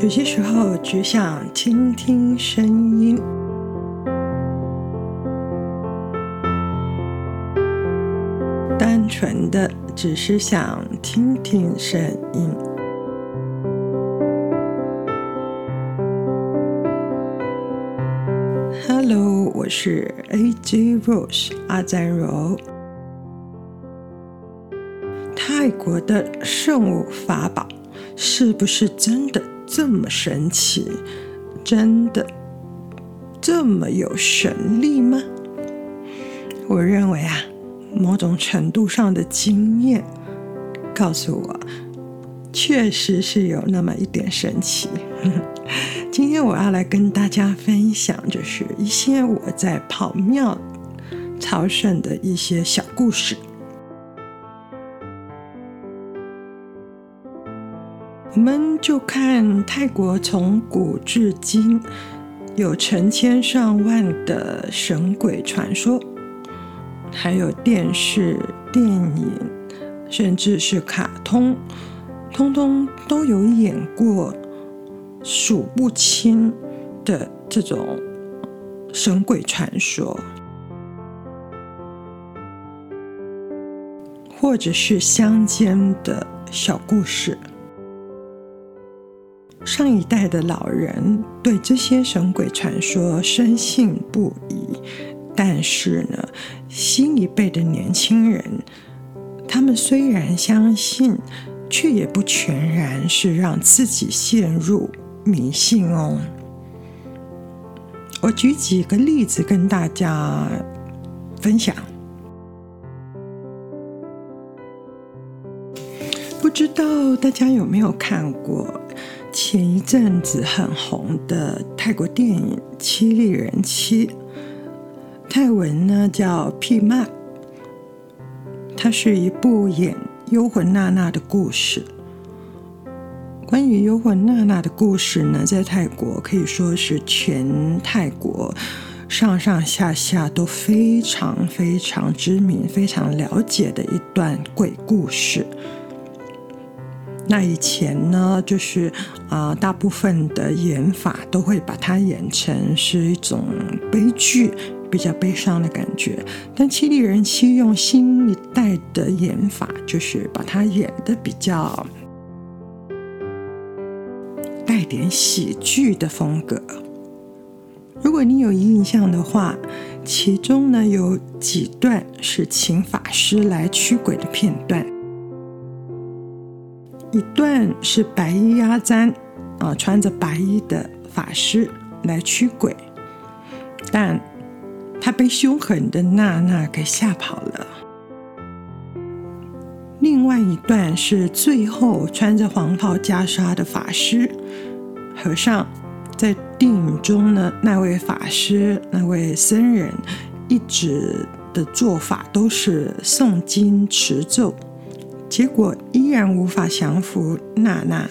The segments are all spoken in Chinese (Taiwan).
有些時候只想聽聽聲音，單純的只是想聽聽聲音。Hello，我是 AJ Rose 阿贊柔，泰國的聖物法寶是不是真的這麼神奇，真的這麼有神力嗎？我認為啊，某種程度上的經驗告訴我，確實是有那麼一點神奇。 今天我要來跟大家分享，就是一些我在跑廟朝聖的一些小故事。我們就看泰國從古至今有成千上萬的神鬼傳說，還有電視、電影，甚至是卡通，通通都有演過數不清的這種神鬼傳說，或者是鄉間的小故事。上一代的老人對這些神鬼傳說深信不疑，但是呢，新一輩的年輕人，他們雖然相信，卻也不全然是讓自己陷入迷信哦。我舉幾個例子跟大家分享，不知道大家有沒有看過？前一陣子很紅的泰國電影《淒厲人妻》，泰文呢叫《Pee Mak》它是一部演幽魂娜娜,娜的故事。關於幽魂娜娜的故事呢，在泰國可以說是全泰國上上下下都非常非常知名、非常了解的一段鬼故事。那以前呢，就是啊、呃，大部分的演法都會把它演成是一種悲劇，比較悲傷的感覺。但淒厲人妻用新一代的演法，就是把它演得比較帶點喜劇的風格。如果你有印象的話，其中呢有幾段是請法師來驅鬼的片段。一段是白衣阿贊，啊，穿着白衣的法師來驅鬼，但他被凶狠的娜娜給嚇跑了。另外一段是最後穿着黃袍袈裟的法師和尚，在電影中呢，那位法師、那位僧人一直的做法都是誦經持咒。結果依然無法降服娜娜，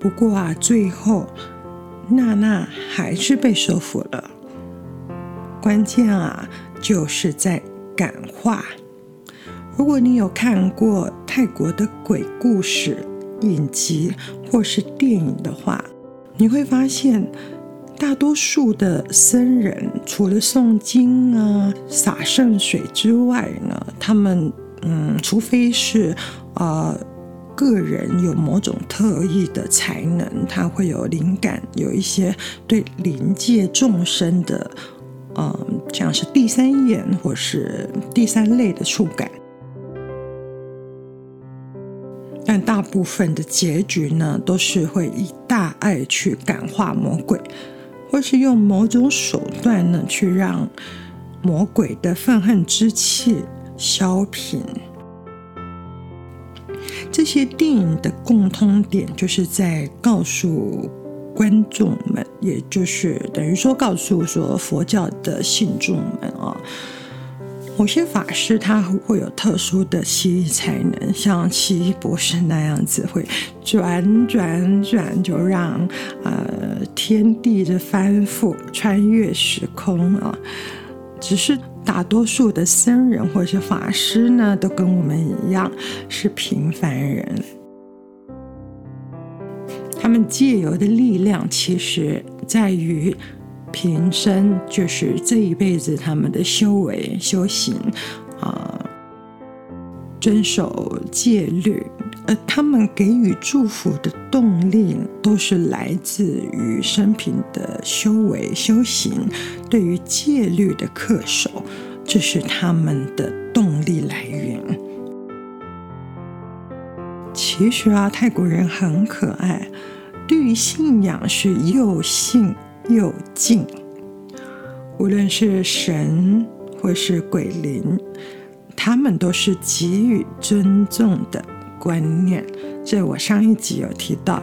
不過啊，最後娜娜還是被說服了。關鍵啊，就是在感化。如果你有看過泰國的鬼故事影集或是電影的話，你會發現大多數的僧人除了誦經啊、灑聖水之外呢，他們。嗯，除非是，呃，個人有某種特異的才能，他會有靈感，有一些對靈界眾生的，嗯、呃，像是第三眼或是第三類的觸感。但大部分的結局呢，都是會以大愛去感化魔鬼，或是用某種手段呢，去讓魔鬼的憤恨之氣。小品，這些電影的共通點，就是在告訴觀眾們，也就是等於說，告訴說佛教的信眾們啊，某些法師他會有特殊的奇異才能，像奇異博士那樣子，會轉轉轉就讓呃天地的翻覆，穿越時空啊，只是。大多數的僧人或者是法師呢，都跟我們一樣是平凡人。他們借由的力量，其實在於平生，就是這一輩子他們的修為、修行啊，遵守戒律。而他們給予祝福的動力，都是來自於生平的修為、修行，對於戒律的恪守，這是他們的動力來源。其實啊，泰國人很可愛，對於信仰是又信又敬，無論是神或是鬼靈，他們都是給予尊重的。觀念，這我上一集有提到。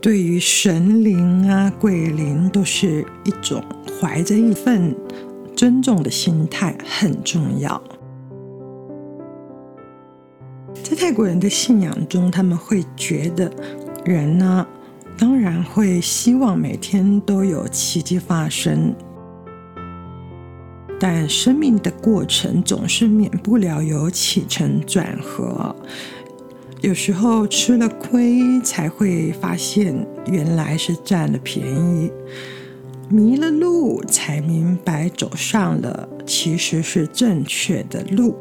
對於神靈啊、鬼靈，都是一種懷着一份尊重的心態很重要。在泰國人的信仰中，他們會覺得人呢、啊，當然會希望每天都有奇蹟發生。但生命的過程總是免不了有起承轉合，有時候吃了虧才會發現原來是佔了便宜，迷了路才明白走上了其實是正確的路。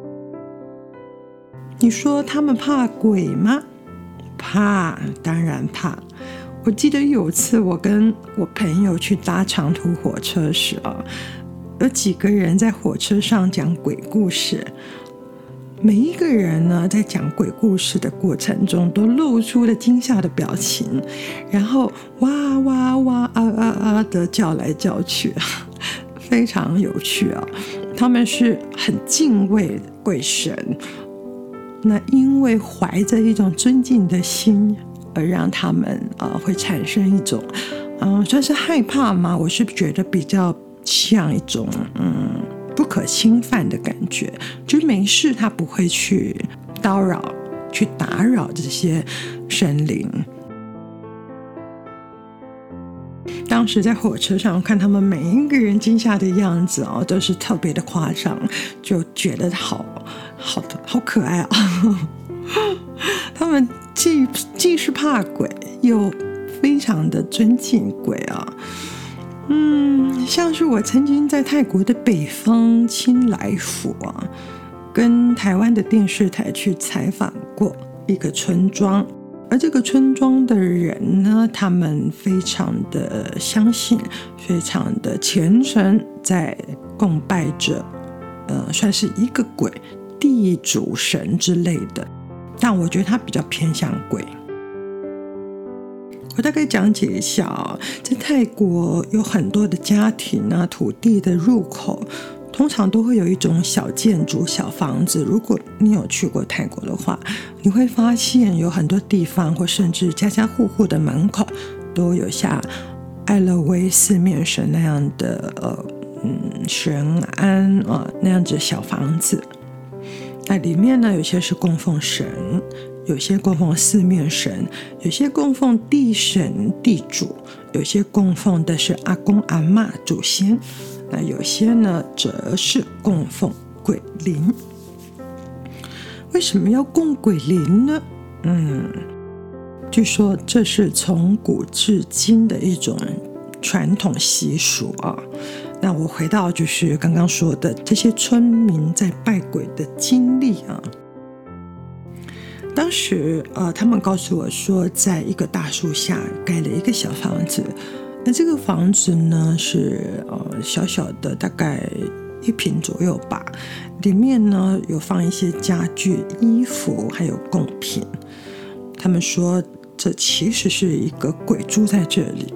你說他們怕鬼嗎？怕，當然怕。我記得有次我跟我朋友去搭長途火車時啊。有幾個人在火車上講鬼故事，每一個人呢，在講鬼故事的過程中都露出了驚嚇的表情，然後哇哇哇啊啊啊啊的叫來叫去，非常有趣啊，哦。他們是很敬畏鬼神，那因為懷着一種尊敬的心，而讓他們啊會產生一種，嗯，算是害怕嘛，我是覺得比較。像一種嗯，不可侵犯的感覺，就是沒事，他不會去叨擾、去打擾這些神靈。當時在火車上看他們每一個人驚嚇的樣子哦，都是特別的誇張，就覺得好好好可愛啊！ 他們既既是怕鬼，又非常的尊敬鬼啊。嗯，像是我曾經在泰國的北方清萊府啊，跟台灣的電視台去採訪過一個村莊，而這個村莊的人呢，他們非常的相信，非常的虔誠，在供拜着，呃，算是一個鬼，地主神之類的，但我覺得他比較偏向鬼。我大概講解一下啊、哦，在泰國有很多的家庭啊，土地的入口通常都會有一種小建築、小房子。如果你有去過泰國的話，你會發現有很多地方，或甚至家家戶戶的門口都有像艾勒威四面神那樣的呃嗯神庵啊，那樣子的小房子。那裡面呢，有些是供奉神。有些供奉四面神，有些供奉地神、地主，有些供奉的是阿公阿嬤祖先，那有些呢則是供奉鬼靈。為什麼要供鬼靈呢？嗯，據說，這是從古至今的一種傳統習俗啊。那我回到就是剛剛說的這些村民在拜鬼的經歷啊。當時、呃、他們告訴我說，在一個大樹下蓋了一個小房子。那這個房子呢，是呃小小的，大概一坪左右吧。裡面呢有放一些家具、衣服，還有供品。他們說，這其實是一個鬼住在這裡，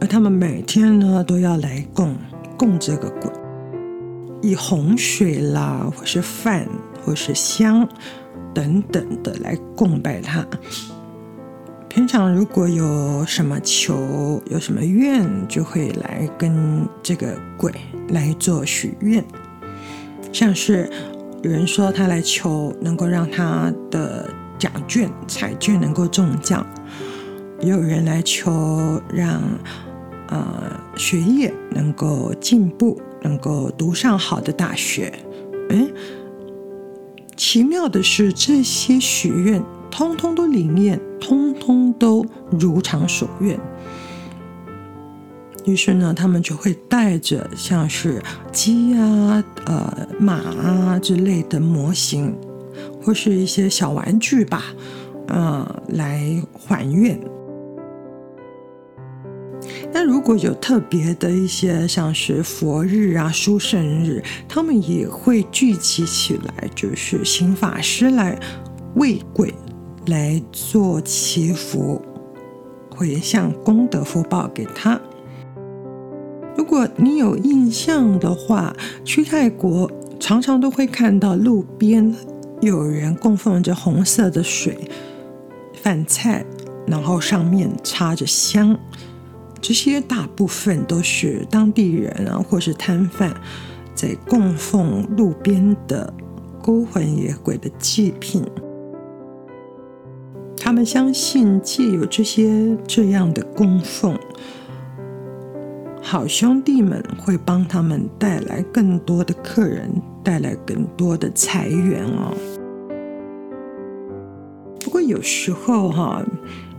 而他們每天呢都要來供供這個鬼，以紅水啦，或是飯，或是香。等等的來供拜他。平常如果有什麼求、有什麼願，就會來跟這個鬼來做許願。像是有人說他來求能夠讓他的獎券、彩券，能夠中獎，也有人來求讓呃學業能夠進步，能夠讀上好的大學。嗯。奇妙的是，這些許願通通都靈驗，通通都如常所願。於是呢，他們就會帶着像是雞啊、呃馬啊之類的模型，或是一些小玩具吧，嗯、呃，來還願。那如果有特別的一些，像是佛日啊、殊勝日，他們也會聚集起來，就是請法師來為鬼來做祈福、回向功德福報給他。如果你有印象的話，去泰國常常都會看到路邊有人供奉着紅色的水飯菜，然後上面插着香。這些大部分都是當地人啊，或是攤販，在供奉路邊的孤魂野鬼的祭品。他們相信，藉由這些這樣的供奉，好兄弟們會幫他們帶來更多的客人，帶來更多的財源哦。有時候哈、啊，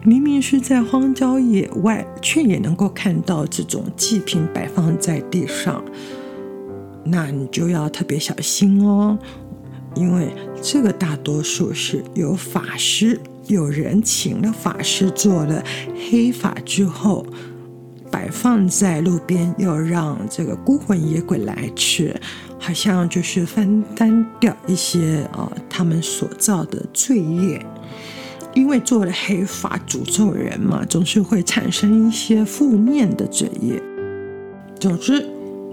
明明是在荒郊野外，卻也能夠看到這種祭品擺放在地上，那你就要特別小心哦，因為這個大多數是有法師，有人請了法師做了黑法之後，擺放在路邊，要讓這個孤魂野鬼來吃，好像就是分擔掉一些啊，他們所造的罪業。因為做了黑法詛咒人嘛，總是會產生一些負面的罪業。總之，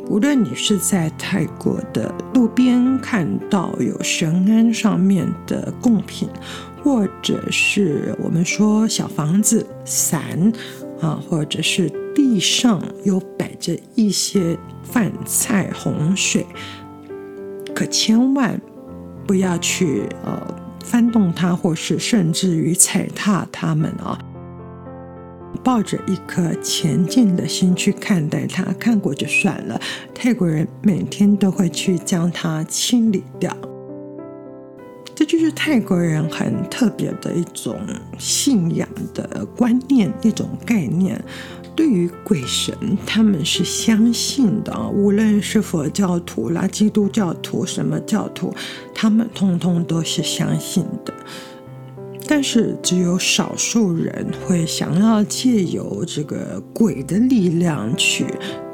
無論你是在泰國的路邊看到有神龕上面的貢品，或者是我們說小房子傘啊，或者是地上有擺着一些飯菜、紅水，可千萬不要去呃。翻動它，或是甚至於踩踏它們啊！抱着一顆前進的心去看待它，看過就算了。泰國人每天都會去將它清理掉，這就是泰國人很特別的一種信仰的觀念，一種概念。對於鬼神，他們是相信的。無論是佛教徒啦、基督教徒、什麼教徒，他們通通都是相信的。但是，只有少數人會想要借由這個鬼的力量去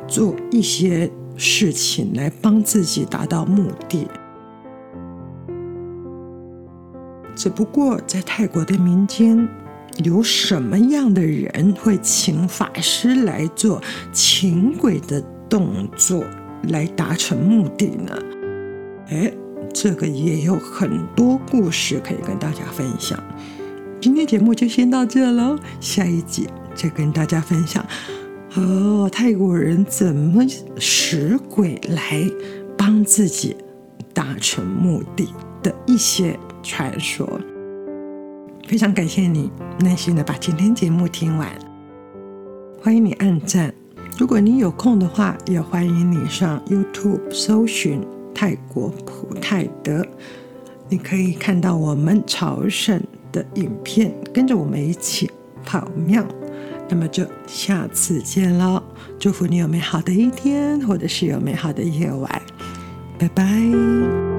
做一些事情，來幫自己達到目的。只不過，在泰國的民間。有什麼樣的人會請法師來做請鬼的動作，來達成目的呢？哎，這個也有很多故事可以跟大家分享。今天節目就先到這嘍，下一集再跟大家分享哦。泰國人怎麼使鬼來幫自己達成目的的一些傳說。非常感謝你耐心的把今天節目聽完。歡迎你按讚，如果你有空的話，也歡迎你上 YouTube 搜尋泰國普泰德，你可以看到我們朝聖的影片，跟着我們一起跑廟。那麼就下次見囉，祝福你有美好的一天，或者是有美好的夜晚，拜拜。